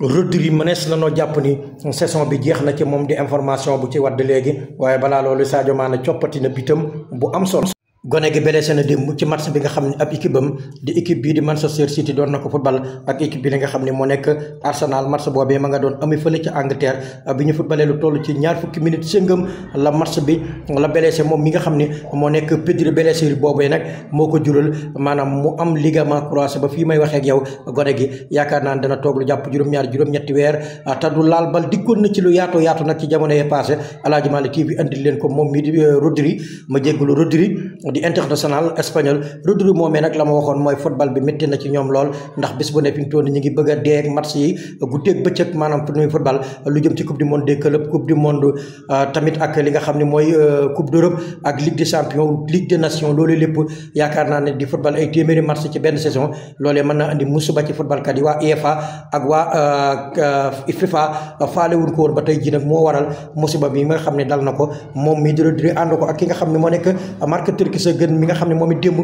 Rodri mënees na noo jàpp ni saison bi jeex na ci moom di information bu ci wadd léegi waaye balaa loolu Sadio maana coppati na bitam bu am solo. gone gi blessé na démb ci match bi nga xam ne ab équipe am di équipe bii di Manchester City doon na ko football ak équipe bi li nga xam ne moo nekk Arsenal match boobee ma nga doon amee fële ci Angleterre bi ñu footballee lu toll ci ñaar fukki minutes sëngam la match bi la blessé moom mi nga xam ne moo nekk Pedri blessure boobee nag moo ko jural maanaam mu am ligament croisé ba fii may waxeeg ak yow gone gi yaakaar naa ne dana toog lu jàpp juróom-ñaar juróom weer te du laal bal na ci lu yaatu yaatu nag ci jamono yee passé Aladji Malick TV andil leen ko moom mi di euh, Rodri ma jéggalu Rodri di international espagnol Rodri moomee nag la ma waxoon mooy football bi métti na ci ñoom lool ndax bis bu ne fi ñu toll ñu ngi bëgg a ak bëccëg maanaam pour ñuy football lu jëm ci coupe du monde des clubs coupe du monde euh, tamit ak li nga xam ne mooy euh, coupe d'Europe ak ligue des champions ligue des nations loolu lépp yaakaar naa ne di football ay téeméeri match ci benn saison loolee mën naa andi musuba ci footballkat yi waa UEFA ak waa euh, FIFA faale ko ba tey jii nag moo waral musuba bi nga xam ne dal na ko moom mii Vertonghen mi nga xam ne moom it démb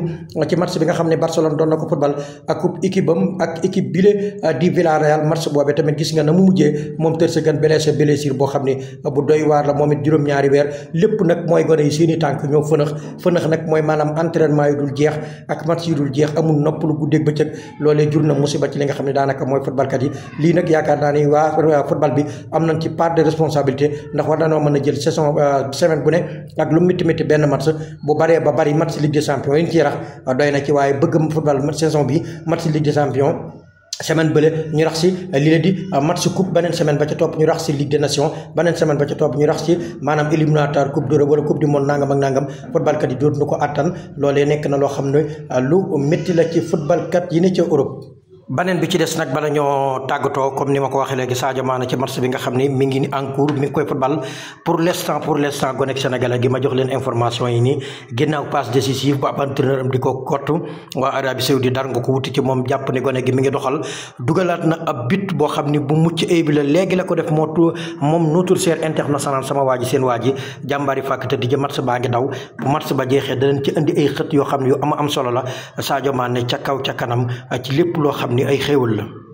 ci match bi nga xam ne Barcelone doon na ko football ak coupe équipe ak équipe bile euh, di Villarreal match boobee tamit gis nga na mu mujjee moom Vertonghen blessé blessure boo xam ne euh, bu doy waar la moom it mooy gone yi seeni tànk ñoo fënax fënax nag mooy maanaam entraînement yi dul jeex ak jur na musiba ci li nga xam ne daanaka mooy footballkat yi lii nag yaakaar naa ni football bi am nañ ci part de responsabilité ndax war nañoo mën a jël saison euh, semaine bu ne ak lu métti métti benn match bu baree ba bari match Ligue des Champions yi ñu ciy rax doy na ci waaye bëgg football saison bi match Ligue des Champions semaine bële ñu rax si lii la di match coupe beneen semaine ba ca topp ñu rax si Ligue nation Nations beneen semaine ba ca topp ñu rax si maanaam éliminatoire coupe d'Europe wala coupe du monde nangam ak nangam footballkat yi dootuñu ko attan loolee nekk na loo xam ne lu metti la ci footballkat yi ne ca Europe. baneen bi ci des nag bala ñoo tàggatoo comme ni ma ko waxee léegi Sadio Mané ci match bi nga xam ni mi ngi en koy football pour l' instant pour l' instant gonek sénégalais ma jox leen information yi nii ginnaaw passe décisive bu ab entraîneur ko kott waa Arabie Saoudite nga ko wuti ci moom jàpp ni gone mi ngi doxal dugalaat na ab but boo xam ni bu mucc ayib la léegi la ko def moo moom notre cher international sama waa ji seen waa ji jàmbaari fàkk te di ji baa ngi daw bu ba jeexee danañ ci indi ay xët yoo xam ne yu ama am solo la Sadio Mané ca kaw ca kanam ci lépp loo xam ni ay xéwal la